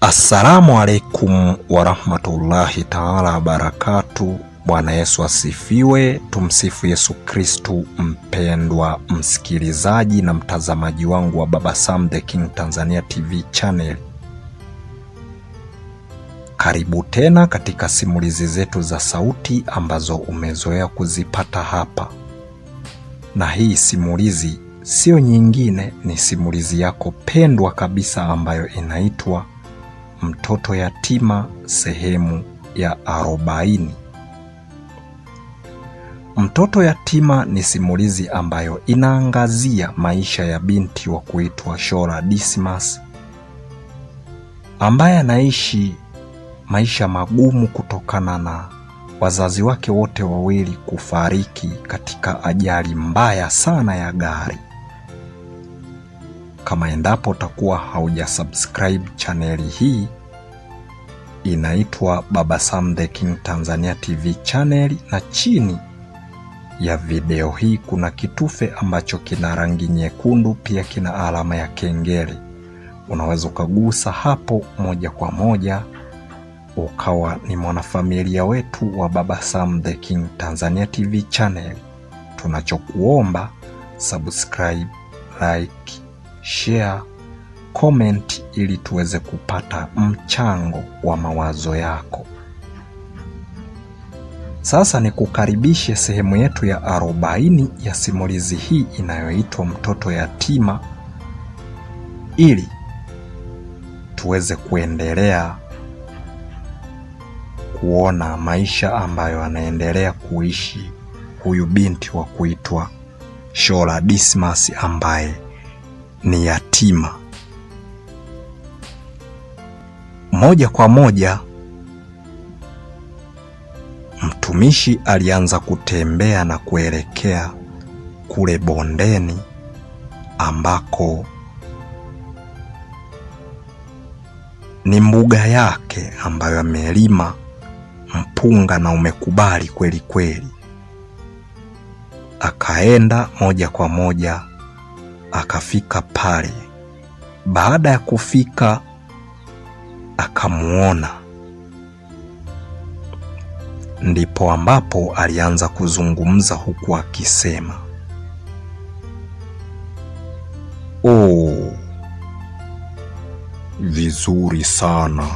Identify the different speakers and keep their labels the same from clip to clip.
Speaker 1: Assalamu alaikum warahmatullahi taala wabarakatu. Bwana Yesu asifiwe. Tumsifu Yesu Kristu. Mpendwa msikilizaji na mtazamaji wangu wa Baba Sam the King Tanzania TV channel, karibu tena katika simulizi zetu za sauti ambazo umezoea kuzipata hapa, na hii simulizi sio nyingine, ni simulizi yako pendwa kabisa ambayo inaitwa mtoto yatima sehemu ya arobaini. Mtoto yatima ni simulizi ambayo inaangazia maisha ya binti wa kuitwa Shora Dismas ambaye anaishi maisha magumu kutokana na wazazi wake wote wawili kufariki katika ajali mbaya sana ya gari. Kama endapo utakuwa haujasubscribe chaneli hii, inaitwa Baba Sam The King Tanzania TV channel, na chini ya video hii kuna kitufe ambacho kina rangi nyekundu, pia kina alama ya kengele. Unaweza ukagusa hapo moja kwa moja ukawa ni mwanafamilia wetu wa Baba Sam The King Tanzania TV channel. Tunachokuomba subscribe, like, share, comment ili tuweze kupata mchango wa mawazo yako. Sasa nikukaribishe sehemu yetu ya arobaini ya simulizi hii inayoitwa Mtoto Yatima ili tuweze kuendelea kuona maisha ambayo anaendelea kuishi huyu binti wa kuitwa Shola Dismas ambaye ni yatima. Moja kwa moja mtumishi alianza kutembea na kuelekea kule bondeni ambako ni mbuga yake ambayo amelima mpunga na umekubali kweli kweli. Akaenda moja kwa moja akafika pale. Baada ya kufika akamwona, ndipo ambapo alianza kuzungumza huku akisema, oh, vizuri sana,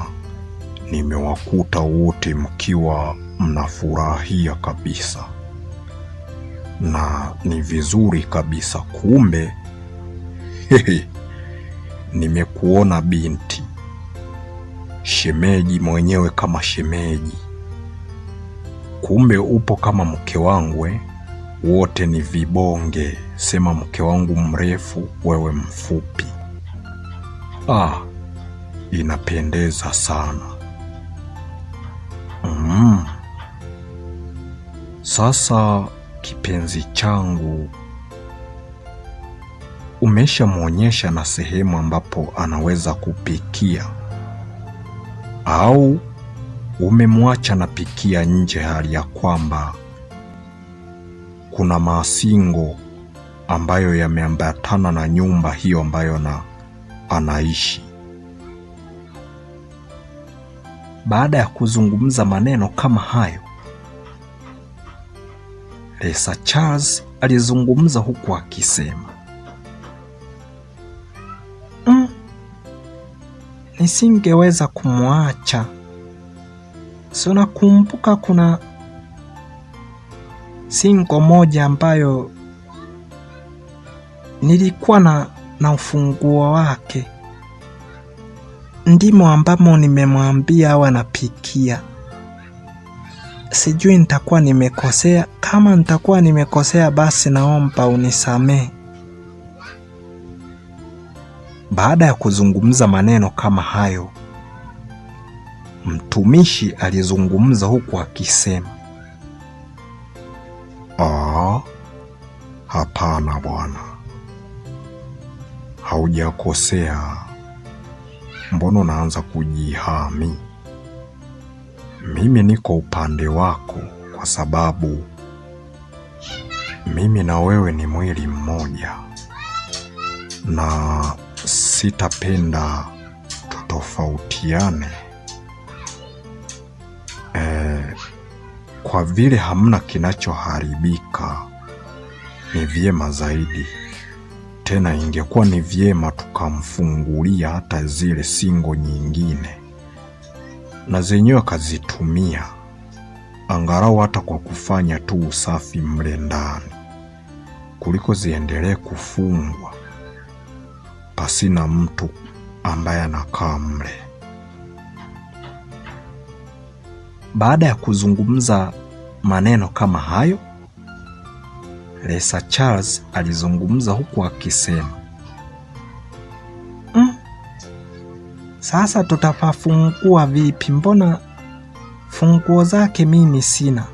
Speaker 1: nimewakuta wote mkiwa mnafurahia kabisa na ni vizuri kabisa. Kumbe nimekuona binti shemeji mwenyewe kama shemeji, kumbe upo kama mke wangwe, eh? wote ni vibonge. Sema mke wangu mrefu, wewe mfupi. Ah, inapendeza sana mm. Sasa kipenzi changu, umeshamwonyesha na sehemu ambapo anaweza kupikia au umemwacha na pikia nje, hali ya kwamba kuna maasingo ambayo yameambatana na nyumba hiyo ambayo na anaishi. Baada ya kuzungumza maneno kama hayo, Lesa Charles alizungumza huku akisema nisingeweza kumwacha. So nakumbuka kuna singo moja ambayo nilikuwa na, na ufunguo wake, ndimo ambamo nimemwambia awe anapikia. Sijui nitakuwa nimekosea. Kama nitakuwa nimekosea, basi naomba unisamehe. Baada ya kuzungumza maneno kama hayo, mtumishi alizungumza huku akisema, ah, hapana bwana, haujakosea. Mbona unaanza kujihami? Mimi niko upande wako kwa sababu mimi na wewe ni mwili mmoja na sitapenda tutofautiane e, kwa vile hamna kinachoharibika ni vyema zaidi. Tena ingekuwa ni vyema tukamfungulia hata zile singo nyingine na zenyewe akazitumia angalau hata kwa kufanya tu usafi mle ndani kuliko ziendelee kufungwa pasina mtu ambaye anakaa mle. Baada ya kuzungumza maneno kama hayo, Lesa Charles alizungumza huku akisema mm, sasa tutapafungua vipi? Mbona funguo zake mimi sina?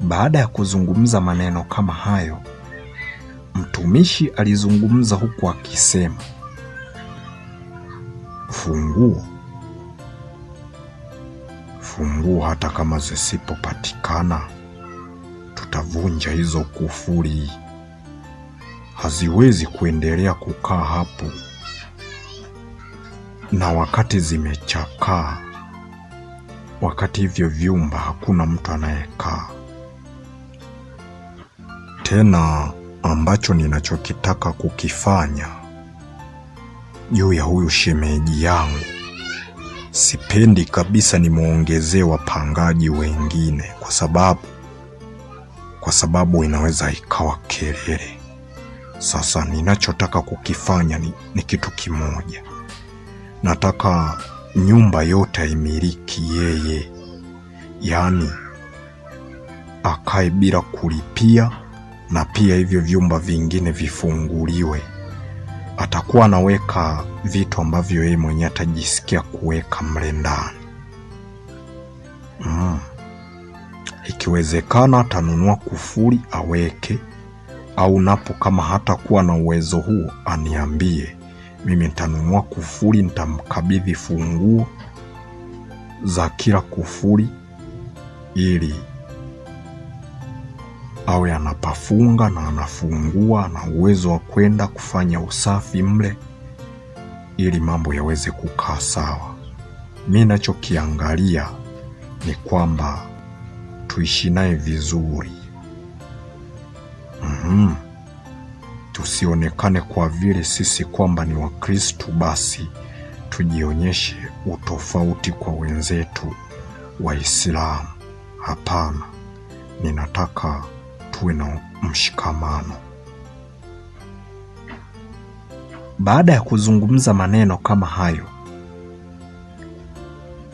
Speaker 1: Baada ya kuzungumza maneno kama hayo Mtumishi alizungumza huku akisema, funguo funguo, hata kama zisipopatikana tutavunja hizo kufuri, haziwezi kuendelea kukaa hapo, na wakati zimechakaa, wakati hivyo vyumba hakuna mtu anayekaa tena ambacho ninachokitaka kukifanya juu ya huyu shemeji yangu. Sipendi kabisa nimwongezee wapangaji wengine, kwa sababu kwa sababu inaweza ikawa kelele. Sasa ninachotaka kukifanya ni, ni kitu kimoja. Nataka nyumba yote aimiliki yeye, yaani akae bila kulipia na pia hivyo vyumba vingine vifunguliwe. Atakuwa anaweka vitu ambavyo yeye mwenyewe atajisikia kuweka mle ndani mm. Ikiwezekana atanunua kufuli aweke, au napo kama hatakuwa na uwezo huo aniambie mimi, nitanunua kufuli, nitamkabidhi funguo za kila kufuli ili awe anapafunga na anafungua na uwezo wa kwenda kufanya usafi mle ili mambo yaweze kukaa sawa. Mi nachokiangalia ni kwamba tuishi naye vizuri. Mm-hmm. Tusionekane kwa vile sisi kwamba ni Wakristu basi tujionyeshe utofauti kwa wenzetu Waislamu. Hapana, ninataka kuwe na mshikamano. Baada ya kuzungumza maneno kama hayo,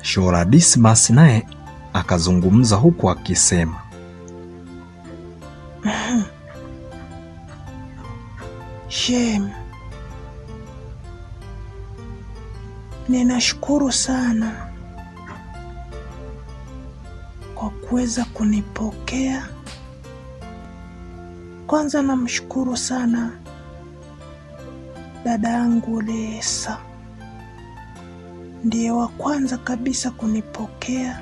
Speaker 1: Shora Dismas naye akazungumza huku akisema,
Speaker 2: Shem, ninashukuru sana kwa kuweza kunipokea kwanza namshukuru sana dada yangu Lesa, ndiye wa kwanza kabisa kunipokea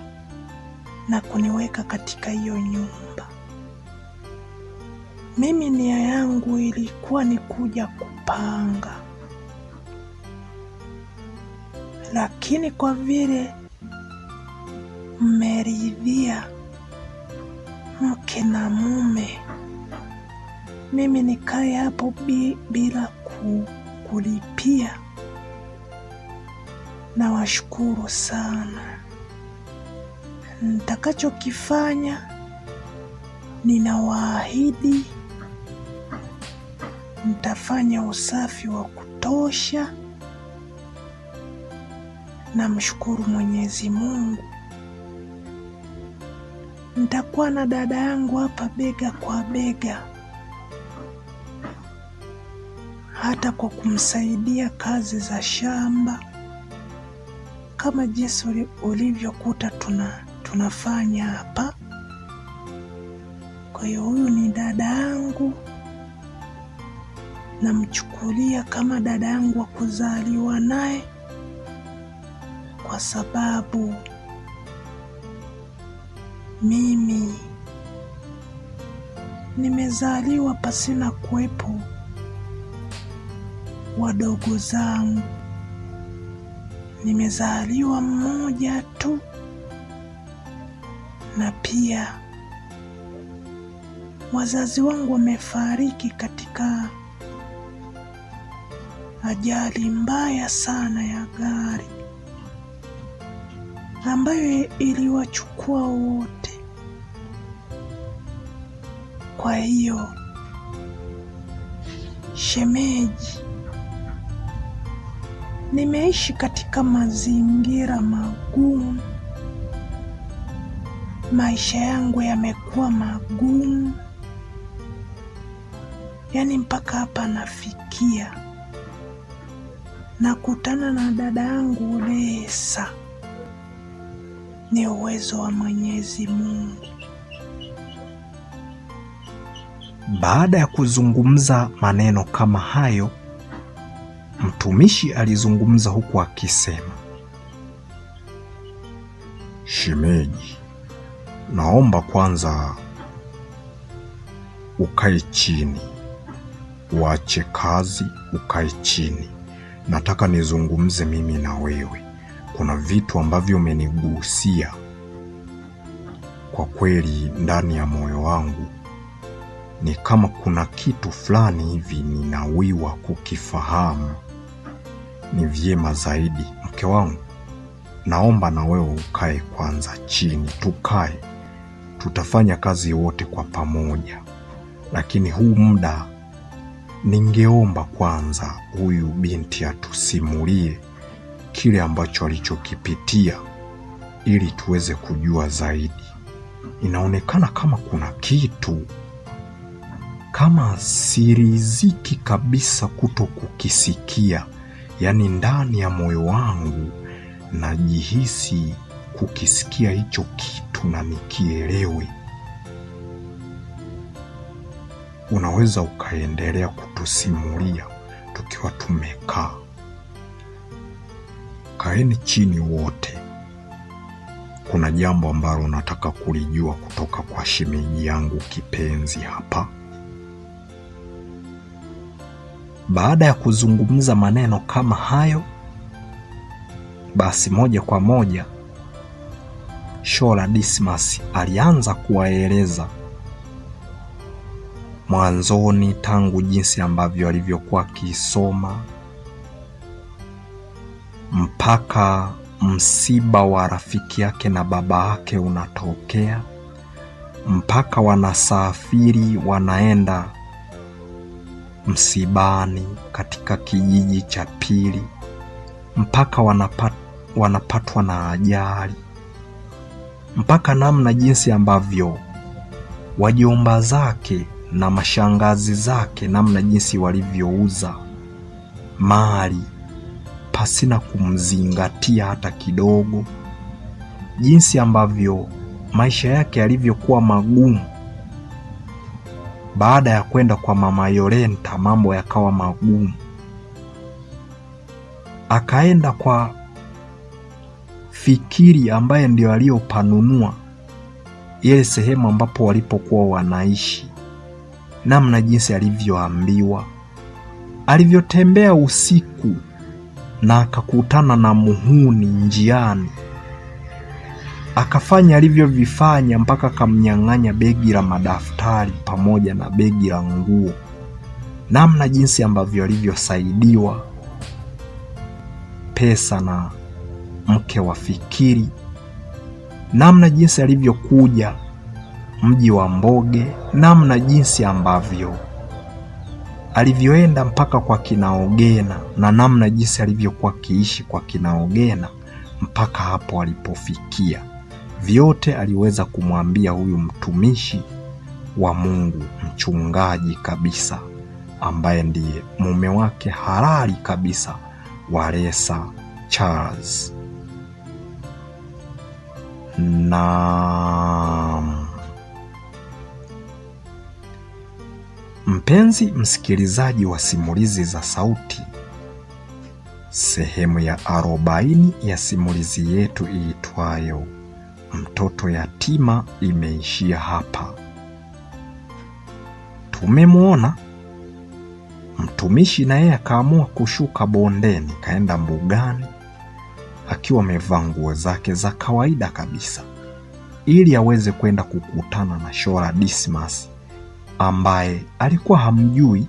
Speaker 2: na kuniweka katika hiyo nyumba. Mimi nia yangu ilikuwa ni kuja kupanga, lakini kwa vile mmeridhia mke na mume mimi nikae hapo bila kulipia. Nawashukuru sana. Nitakachokifanya ninawaahidi, nitafanya usafi wa kutosha. Namshukuru Mwenyezi Mungu. Nitakuwa na dada yangu hapa bega kwa bega. hata kwa kumsaidia kazi za shamba kama jinsi ulivyokuta tuna tunafanya hapa. Kwa hiyo huyu ni dada yangu, namchukulia kama dada yangu wa kuzaliwa naye, kwa sababu mimi nimezaliwa pasina kuwepo wadogo zangu, nimezaliwa mmoja tu, na pia wazazi wangu wamefariki katika ajali mbaya sana ya gari ambayo iliwachukua wote. Kwa hiyo shemeji Nimeishi katika mazingira magumu, maisha yangu yamekuwa magumu, yaani mpaka hapa nafikia. Nakutana na dada yangu Lesa, ni uwezo wa Mwenyezi Mungu.
Speaker 1: Baada ya kuzungumza maneno kama hayo, Mtumishi alizungumza huku akisema, shemeji, naomba kwanza ukae chini, uache kazi, ukae chini. Nataka nizungumze mimi na wewe. Kuna vitu ambavyo umenigusia kwa kweli, ndani ya moyo wangu ni kama kuna kitu fulani hivi ninawiwa kukifahamu ni vyema zaidi, mke wangu, naomba na wewe ukae kwanza chini, tukae, tutafanya kazi wote kwa pamoja, lakini huu muda ningeomba kwanza huyu binti atusimulie kile ambacho alichokipitia ili tuweze kujua zaidi. Inaonekana kama kuna kitu kama siriziki kabisa kuto kukisikia yaani ndani ya moyo wangu najihisi kukisikia hicho kitu na nikielewe. Unaweza ukaendelea kutusimulia tukiwa tumekaa. Kaeni chini wote, kuna jambo ambalo unataka kulijua kutoka kwa shemeji yangu kipenzi hapa. Baada ya kuzungumza maneno kama hayo, basi moja kwa moja Shola Dismas alianza kuwaeleza mwanzoni, tangu jinsi ambavyo alivyokuwa akisoma mpaka msiba wa rafiki yake na baba yake unatokea, mpaka wanasafiri wanaenda msibani katika kijiji cha pili mpaka wanapat, wanapatwa na ajali, mpaka namna jinsi ambavyo wajomba zake na mashangazi zake namna jinsi walivyouza mali pasina kumzingatia hata kidogo, jinsi ambavyo maisha yake yalivyokuwa magumu baada ya kwenda kwa mama Yolenta mambo yakawa magumu. Akaenda kwa Fikiri ambaye ndio aliyopanunua ile sehemu ambapo walipokuwa wanaishi, namna jinsi alivyoambiwa, alivyotembea usiku na akakutana na muhuni njiani. Akafanya alivyovifanya mpaka akamnyang'anya begi la madaftari pamoja na begi la nguo. Namna jinsi ambavyo alivyosaidiwa pesa na mke wa Fikiri, namna jinsi alivyokuja mji wa Mboge, namna jinsi ambavyo alivyoenda mpaka kwa kinaogena na namna jinsi alivyokuwa akiishi kwa kinaogena mpaka hapo alipofikia. Vyote aliweza kumwambia huyu mtumishi wa Mungu, mchungaji kabisa, ambaye ndiye mume wake halali kabisa Lesa Charles. Na mpenzi msikilizaji wa simulizi za sauti, sehemu ya arobaini ya simulizi yetu iitwayo mtoto yatima imeishia hapa. Tumemwona mtumishi, na yeye akaamua kushuka bondeni, kaenda mbugani akiwa amevaa nguo zake za kawaida kabisa, ili aweze kwenda kukutana na Shora Dismas ambaye alikuwa hamjui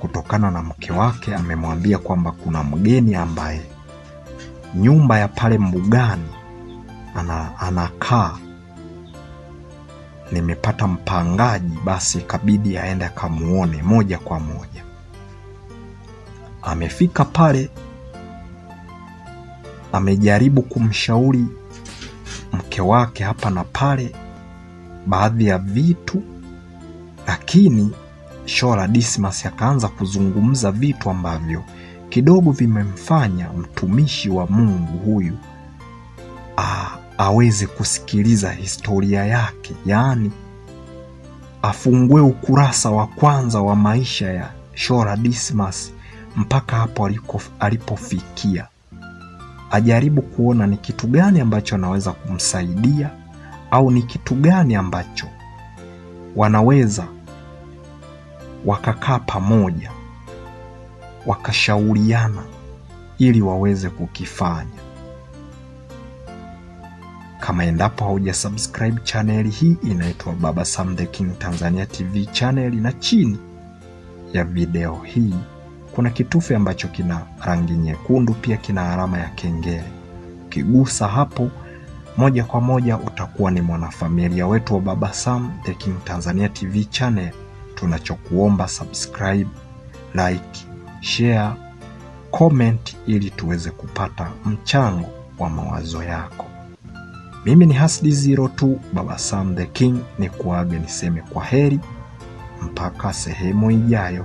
Speaker 1: kutokana na mke wake amemwambia kwamba kuna mgeni ambaye nyumba ya pale mbugani ana, anakaa nimepata mpangaji, basi kabidi aende akamuone moja kwa moja. Amefika pale, amejaribu kumshauri mke wake hapa na pale baadhi ya vitu, lakini Shora Dismas akaanza kuzungumza vitu ambavyo kidogo vimemfanya mtumishi wa Mungu huyu ah, aweze kusikiliza historia yake, yaani afungue ukurasa wa kwanza wa maisha ya Shora Dismas mpaka hapo alipofikia, ajaribu kuona ni kitu gani ambacho anaweza kumsaidia au ni kitu gani ambacho wanaweza wakakaa pamoja wakashauriana ili waweze kukifanya. Kama endapo haujasubscribe chaneli hii inaitwa Baba Sam The King Tanzania TV chaneli, na chini ya video hii kuna kitufe ambacho kina rangi nyekundu, pia kina alama ya kengele. Ukigusa hapo moja kwa moja utakuwa ni mwanafamilia wetu wa Baba Sam The King Tanzania TV channel. Tunachokuomba subscribe, like, share, comment ili tuweze kupata mchango wa mawazo yako. Mimi ni Hasdi Zero tu, Baba Sam the King, ni kuaga niseme kwa heri mpaka sehemu ijayo.